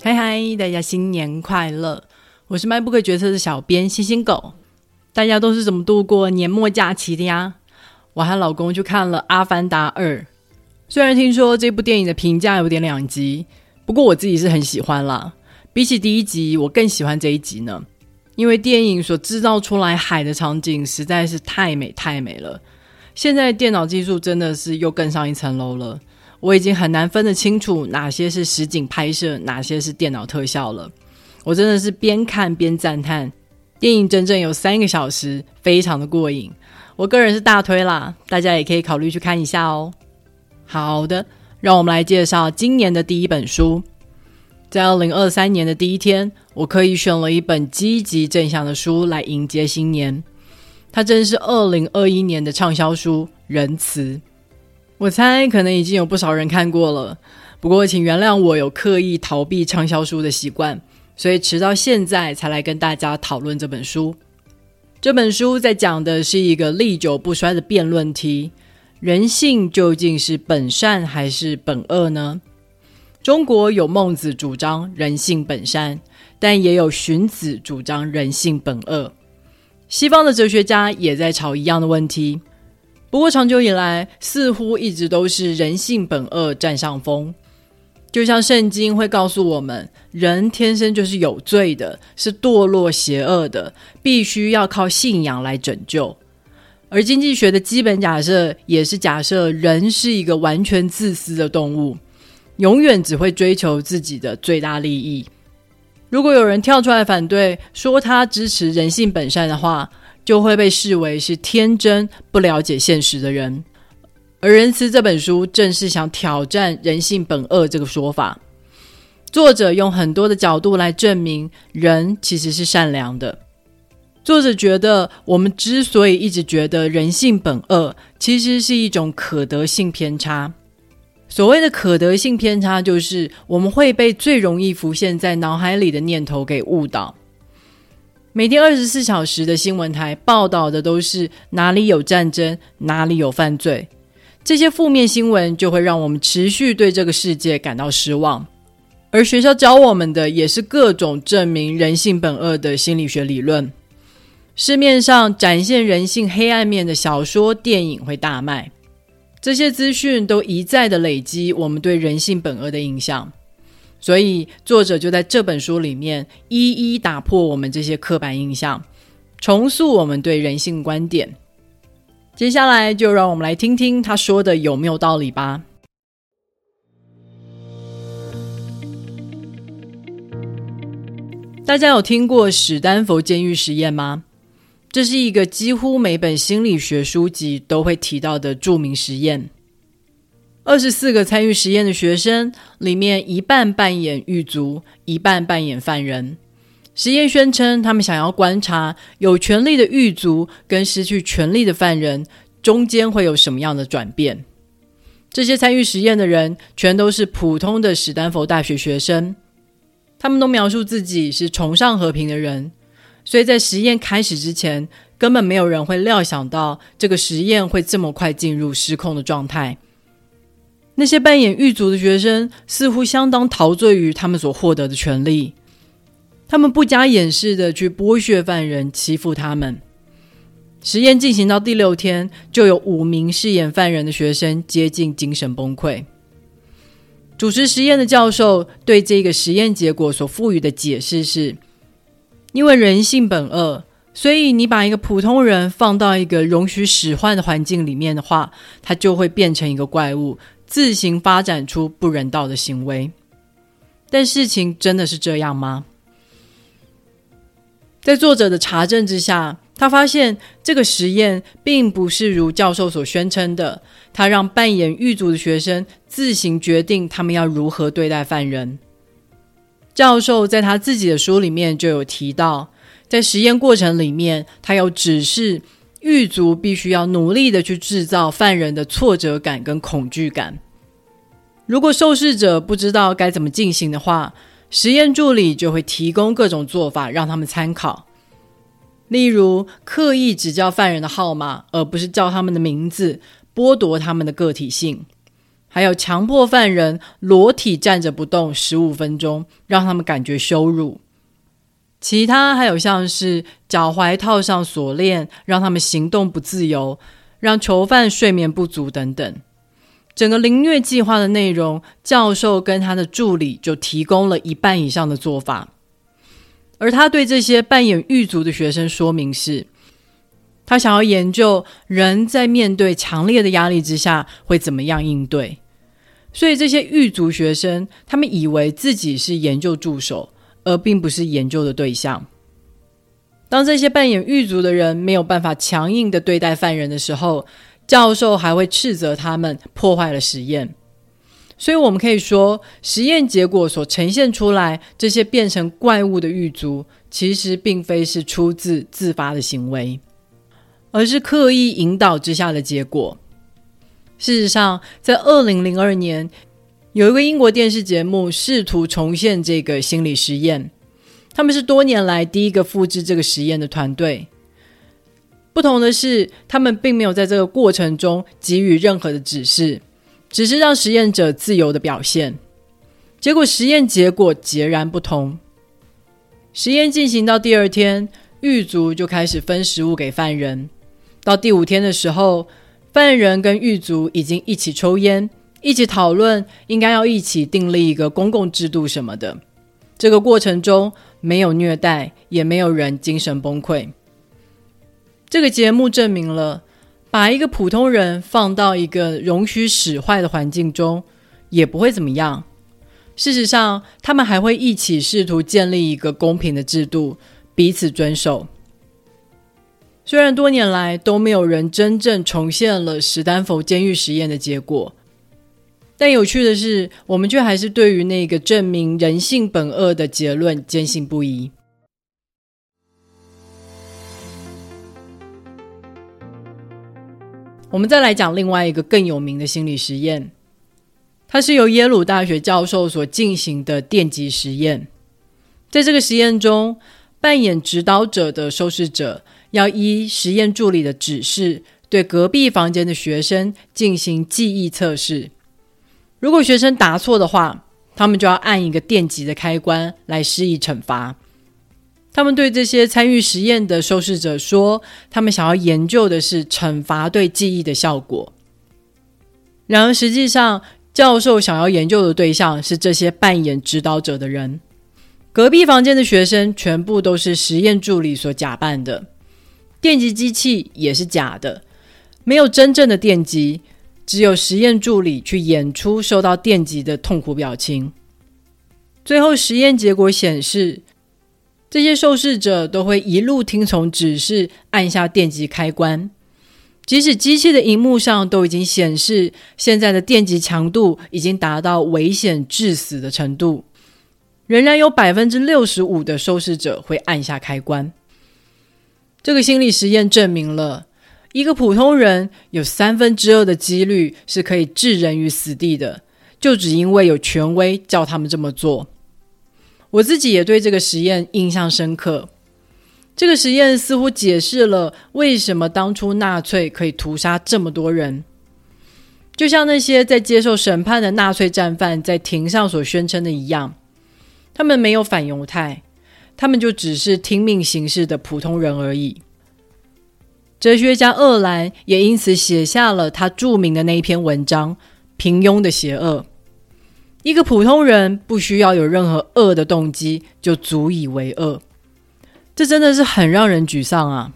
嗨嗨，大家新年快樂！我是 MINEBOOK 掘冊的小編星星狗。大家都是怎麼度過年末假期的呀？我和老公去看了《阿凡達二》，雖然聽說這部電影的評價有點兩極，不過我自己是很喜歡啦。比起第一集，我更喜歡這一集呢，因為電影所製造出來海的場景實在是太美太美了。現在電腦技術真的是又更上一層樓了。我已經很難分得清楚哪些是實景拍攝，哪些是電腦特效了。我真的是邊看邊讚嘆，電影整整有三個小時，非常的過癮。我個人是大推啦，大家也可以考慮去看一下哦。好的，讓我們來介紹今年的第一本書。在二零二三年的第一天，我刻意選了一本積極正向的書來迎接新年。它真是二零二一年的暢銷書，《人慈》。我猜，可能已經有不少人看過了，不過請原諒我有刻意逃避暢銷書的習慣，所以直到現在才來跟大家討論這本書。這本書在講的是一個歷久不衰的辯論題：人性究竟是本善還是本惡呢？中國有孟子主張人性本善，但也有荀子主張人性本惡。西方的哲學家也在吵一樣的問題。不過，長久以來似乎一直都是人性本惡占上風，就像聖經會告訴我們，人天生就是有罪的，是墮落邪惡的，必須要靠信仰來拯救。而經濟學的基本假設也是假設人是一個完全自私的動物，永遠只會追求自己的最大利益。如果有人跳出來反對，說他支持人性本善的話，就會被視為是天真不了解現實的人，而《人慈》這本書正是想挑戰“人性本惡”這個說法。作者用很多的角度來證明人其實是善良的。作者覺得，我們之所以一直覺得人性本惡，其實是一種可得性偏差。所謂的可得性偏差，就是我們會被最容易浮現在腦海裡的念頭給誤導。每天二十四小時的新聞台報道的都是哪裡有戰爭，哪裡有犯罪，這些負面新聞就會讓我們持續對這個世界感到失望。而學校教我們的也是各種證明人性本惡的心理學理論。市面上展現人性黑暗面的小說、電影會大賣，這些資訊都一再的累積我們對人性本惡的印象。所以，作者就在這本書裡面一一打破我們這些刻板印象，重塑我們對人性觀點。接下來，就讓我們來聽聽他說的有沒有道理吧。大家有聽過史丹佛監獄實驗嗎？這是一個幾乎每本心理學書籍都會提到的著名實驗。二十四個參與實驗的學生裡面，一半扮演獄卒，一半扮演犯人。實驗宣稱他們想要觀察有權力的獄卒跟失去權力的犯人中間會有什麼樣的轉變。這些參與實驗的人全都是普通的史丹佛大學學生，他們都描述自己是崇尚和平的人，所以在實驗開始之前，根本沒有人會料想到這個實驗會這麼快進入失控的狀態。那些扮演獄卒的學生似乎相當陶醉於他們所獲得的權利，他們不加掩飾地去剝削犯人，欺負他們。實驗進行到第六天，就有五名飾演犯人的學生接近精神崩潰。主持實驗的教授對這個實驗結果所賦予的解釋是：因為人性本惡，所以你把一個普通人放到一個容許使喚的環境裡面的話，他就會變成一個怪物。自行發展出不人道的行為，但事情真的是這樣嗎？在作者的查證之下，他發現這個實驗並不是如教授所宣稱的，他讓扮演獄卒的學生自行決定他們要如何對待犯人。教授在他自己的書裡面就有提到，在實驗過程裡面，他有指示。獄卒必須要努力的去制造犯人的挫折感跟恐懼感。如果受試者不知道該怎麼進行的話，實驗助理就會提供各種做法讓他們參考。例如，刻意只叫犯人的號碼，而不是叫他們的名字，剝奪他們的個體性；還有強迫犯人裸體站着不動十五分鐘，讓他們感覺羞辱。其他還有像是腳踝套上鎖鏈，讓他們行動不自由，讓囚犯睡眠不足等等。整個凌虐計劃的內容，教授跟他的助理就提供了一半以上的做法。而他對這些扮演獄卒的學生說明是：他想要研究人在面對強烈的壓力之下會怎麼樣應對。所以這些獄卒學生，他們以為自己是研究助手。而並不是研究的對象。當這些扮演獄卒的人沒有辦法強硬地對待犯人的時候，教授還會斥責他們破壞了實驗。所以，我們可以說，實驗結果所呈現出來這些變成怪物的獄卒，其實並非是出自自發的行為，而是刻意引導之下的結果。事實上，在二零零二年。有一個英國電視節目試圖重現這個心理實驗，他們是多年來第一個複製這個實驗的團隊。不同的是，他們並沒有在這個過程中給予任何的指示，只是讓實驗者自由的表現。結果實驗結果截然不同。實驗進行到第二天，獄卒就開始分食物給犯人。到第五天的時候，犯人跟獄卒已經一起抽煙。一起討論，應該要一起訂立一個公共制度什麼的，這個過程中沒有虐待，也沒有人精神崩潰。這個節目證明了，把一個普通人放到一個容許使壞的環境中，也不會怎麼樣。事實上，他們還會一起試圖建立一個公平的制度，彼此遵守。雖然多年來都沒有人真正重現了史丹佛監獄實驗的結果。但有趣的是，我們卻還是對於那個證明人性本惡的結論堅信不疑。我們再來講另外一個更有名的心理實驗，它是由耶魯大學教授所進行的電擊實驗。在這個實驗中，扮演指導者的受試者要依實驗助理的指示，對隔壁房間的學生進行記憶測試。如果學生答錯的話，他們就要按一個電擊的開關來施以懲罰。他們對這些參與實驗的受試者說，他們想要研究的是懲罰對記憶的效果。然而，實際上教授想要研究的對象是這些扮演指導者的人。隔壁房間的學生全部都是實驗助理所假扮的，電擊機器也是假的，沒有真正的電擊。只有實驗助理去演出受到電擊的痛苦表情。最後，實驗結果顯示，這些受試者都會一路聽從指示按下電擊開關，即使機器的熒幕上都已經顯示現在的電擊強度已經達到危險致死的程度，仍然有百分之六十五的受試者會按下開關。這個心理實驗證明了。一個普通人有三分之二的幾率是可以置人於死地的，就只因為有權威叫他們這麼做。我自己也對這個實驗印象深刻。這個實驗似乎解釋了為什麼當初納粹可以屠殺這麼多人。就像那些在接受審判的納粹戰犯在庭上所宣稱的一樣，他們沒有反猶太，他們就只是聽命行事的普通人而已。哲學家鄂蘭也因此寫下了他著名的那一篇文章《平庸的邪惡》。一個普通人不需要有任何惡的動機，就足以為惡。這真的是很讓人沮喪啊！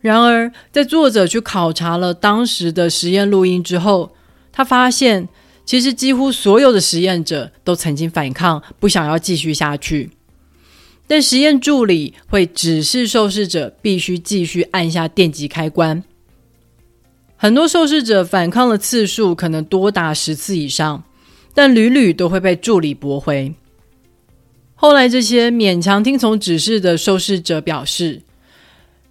然而，在作者去考察了當時的實驗錄音之後，他發現，其實幾乎所有的實驗者都曾經反抗，不想要繼續下去。但實驗助理會指示受試者必須繼續按下電擊開關，很多受試者反抗的次數可能多達十次以上，但屢屢都會被助理駁回。後來，這些勉強聽從指示的受試者表示，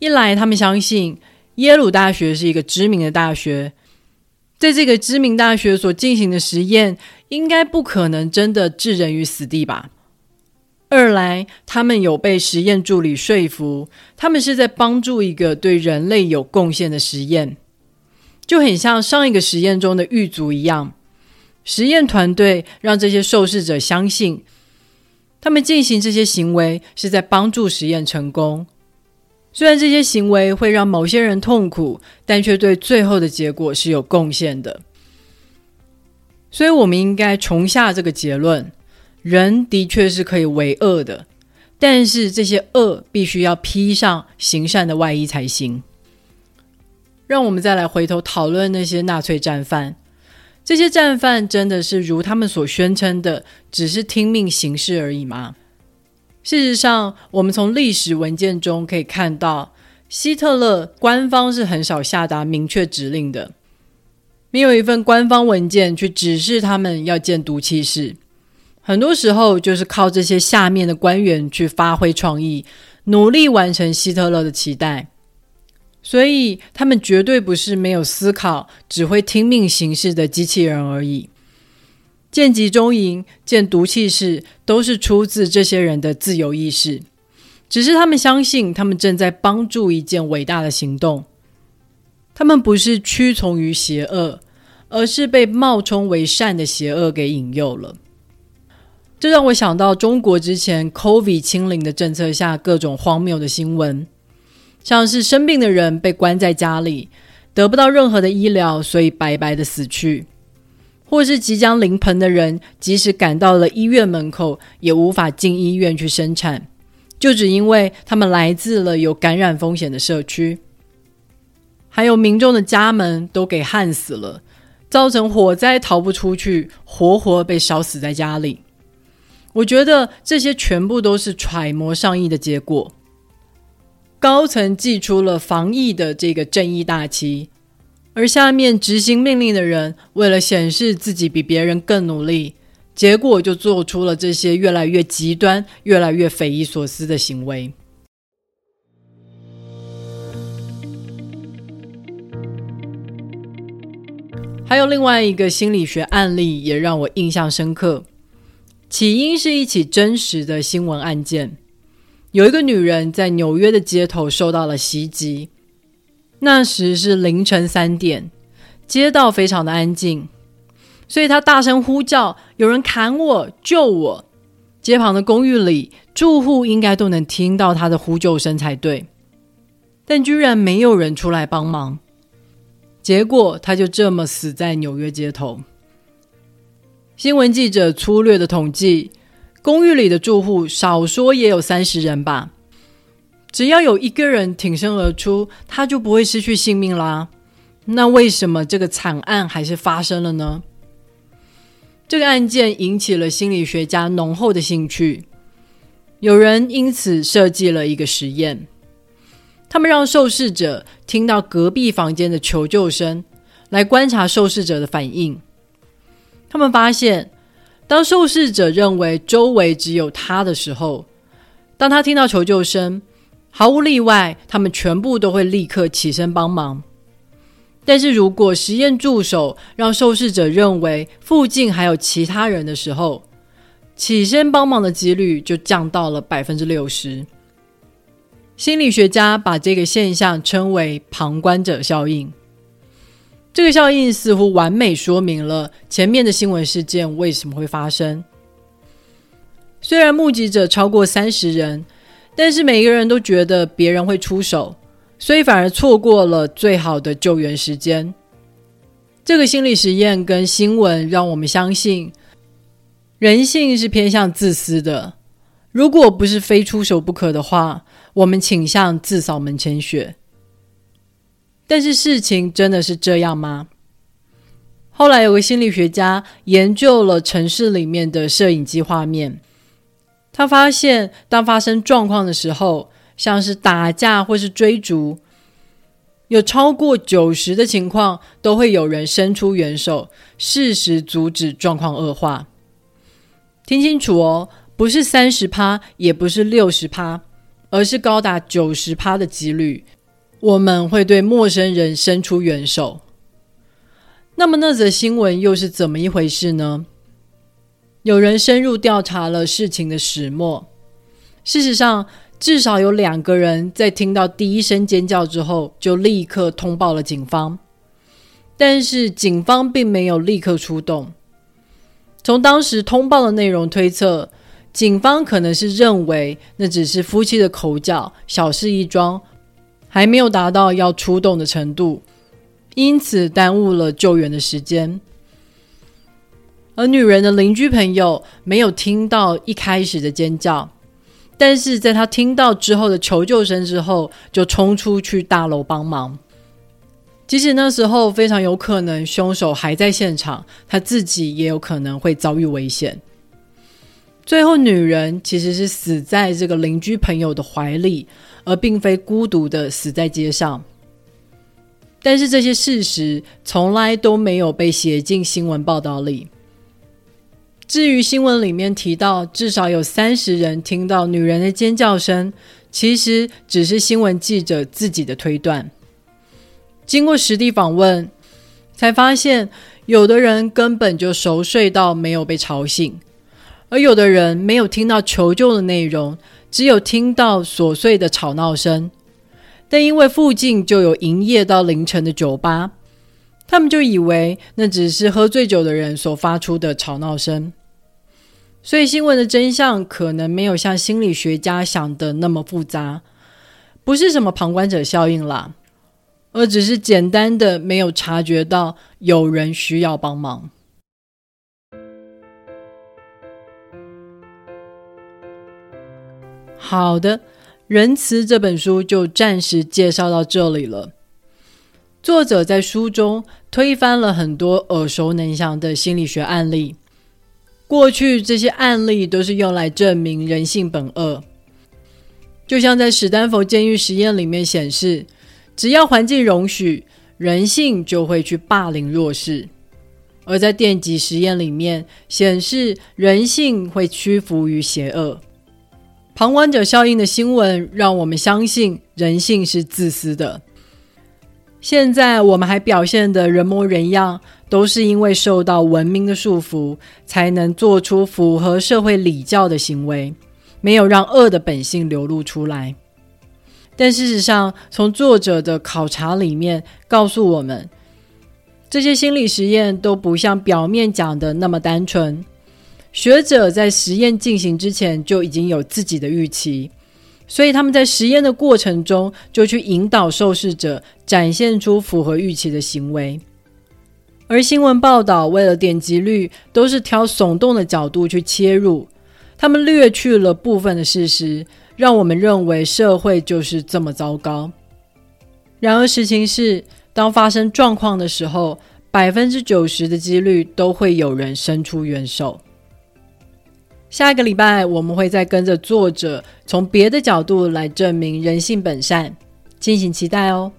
一來他們相信耶魯大學是一個知名的大學，在這個知名大學所進行的實驗應該不可能真的置人於死地吧。二來，他們有被實驗助理說服，他們是在幫助一個對人類有貢獻的實驗，就很像上一個實驗中的獄卒一樣。實驗團隊讓這些受試者相信，他們進行這些行為是在幫助實驗成功，雖然這些行為會讓某些人痛苦，但卻對最後的結果是有貢獻的。所以，我們應該重下這個結論。人的確是可以為惡的，但是這些惡必須要披上行善的外衣才行。讓我們再來回頭討論那些納粹戰犯，這些戰犯真的是如他們所宣稱的，只是聽命行事而已嗎？事實上，我們從歷史文件中可以看到，希特勒官方是很少下達明確指令的，沒有一份官方文件去指示他們要建毒氣室。很多時候就是靠這些下面的官員去發揮創意，努力完成希特勒的期待。所以他們絕對不是沒有思考、只會聽命行事的機器人而已。建集中營、建毒氣室，都是出自這些人的自由意識。只是他們相信他們正在幫助一件偉大的行動。他們不是屈從於邪惡，而是被冒充為善的邪惡給引誘了。這讓我想到中國之前 COVID 清零的政策下各種荒謬的新聞，像是生病的人被關在家裡，得不到任何的醫療，所以白白的死去；或是即將臨盆的人，即使趕到了醫院門口，也無法進醫院去生產，就只因為他們來自了有感染風險的社區。還有民眾的家門都給焊死了，造成火災逃不出去，活活被燒死在家裡。我覺得這些全部都是揣摩上意的結果。高層祭出了防疫的這個正義大旗，而下面執行命令的人，為了顯示自己比別人更努力，結果就做出了這些越來越極端、越來越匪夷所思的行為。還有另外一個心理學案例，也讓我印象深刻。起因是一起真實的新聞案件，有一個女人在紐約的街頭受到了襲擊。那時是凌晨三點，街道非常的安靜，所以她大聲呼叫：“有人砍我，救我！”街旁的公寓裡住戶應該都能聽到她的呼救聲才對，但居然沒有人出來幫忙。結果她就這麼死在紐約街頭。新聞記者粗略的統計，公寓裡的住戶少說也有三十人吧。只要有一個人挺身而出，他就不會失去性命啦。那為什麼這個慘案還是發生了呢？這個案件引起了心理學家濃厚的興趣，有人因此設計了一個實驗。他們讓受試者聽到隔壁房間的求救聲，來觀察受試者的反應。他們發現，當受試者認為周圍只有他的時候，當他聽到求救聲，毫無例外，他們全部都會立刻起身幫忙。但是如果實驗助手讓受試者認為附近還有其他人的時候，起身幫忙的幾率就降到了百分之六十。心理學家把這個現象稱為“旁觀者效應”。這個效應似乎完美說明了前面的新聞事件為什麼會發生。雖然目擊者超過三十人，但是每一個人都覺得別人會出手，所以反而錯過了最好的救援時間。這個心理實驗跟新聞讓我們相信，人性是偏向自私的。如果不是非出手不可的話，我們傾向自掃門前雪。但是事情真的是這樣嗎？後來有個心理學家研究了城市裡面的攝影機畫面，他發現當發生狀況的時候，像是打架或是追逐，有超過九十的情況都會有人伸出援手，適時阻止狀況惡化。聽清楚哦，不是三十趴，也不是六十趴，而是高達九十趴的幾率。我們會對陌生人伸出援手。那麼那則新聞又是怎麼一回事呢？有人深入調查了事情的始末。事實上，至少有兩個人在聽到第一聲尖叫之後，就立刻通報了警方。但是警方並沒有立刻出動。從當時通報的內容推測，警方可能是認為那只是夫妻的口角，小事一樁。還沒有達到要出動的程度，因此耽誤了救援的時間。而女人的鄰居朋友沒有聽到一開始的尖叫，但是在她聽到之後的求救聲之後，就衝出去大樓幫忙。即使那時候非常有可能兇手還在現場，她自己也有可能會遭遇危險。最後，女人其實是死在這個鄰居朋友的懷裡。而並非孤獨的死在街上，但是這些事實從來都沒有被寫進新聞報道裡。至於新聞裡面提到至少有三十人聽到女人的尖叫聲，其實只是新聞記者自己的推斷。經過實地訪問，才發現有的人根本就熟睡到沒有被吵醒，而有的人沒有聽到求救的內容。只有聽到瑣碎的吵鬧聲，但因為附近就有營業到凌晨的酒吧，他們就以為那只是喝醉酒的人所發出的吵鬧聲。所以新聞的真相可能沒有像心理學家想的那麼複雜，不是什麼旁觀者效應啦，而只是簡單的沒有察覺到有人需要幫忙。好的，人慈這本書就暫時介紹到這裡了。作者在書中推翻了很多耳熟能詳的心理學案例。過去這些案例都是用來證明人性本惡，就像在史丹佛監獄實驗裡面顯示，只要環境容許，人性就會去霸凌弱勢；而在電擊實驗裡面顯示，人性會屈服於邪惡。旁觀者效應的新聞讓我們相信人性是自私的。現在我們還表現得人模人樣，都是因為受到文明的束縛，才能做出符合社會禮教的行為，沒有讓惡的本性流露出來。但事實上，從作者的考察裡面告訴我們，這些心理實驗都不像表面講的那麼單純。學者在實驗進行之前就已經有自己的預期，所以他們在實驗的過程中就去引導受試者展現出符合預期的行為。而新聞報道為了點擊率，都是挑聳動的角度去切入，他們略去了部分的事實，讓我們認為社會就是這麼糟糕。然而，實情是，當發生狀況的時候，百分之九十的幾率都會有人伸出援手。下一個禮拜，我們會再跟着作者從別的角度來證明人性本善，敬請期待哦。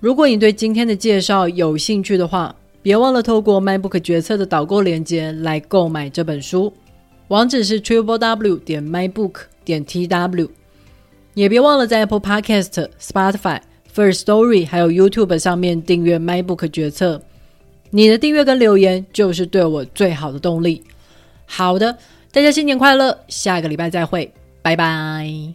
如果你對今天的介紹有興趣的話，別忘了透過 MINEBOOK 掘冊的導購鏈接來購買這本書，網址是 Triple W 點 minebook 點 tw。也別忘了在 Apple Podcast、Spotify、Firstory 還有 YouTube 上面訂閱 MINEBOOK 掘冊，你的訂閱跟留言就是對我最好的動力。好的。大家新年快樂！下個禮拜再會，拜拜。